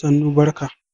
Sannu barka.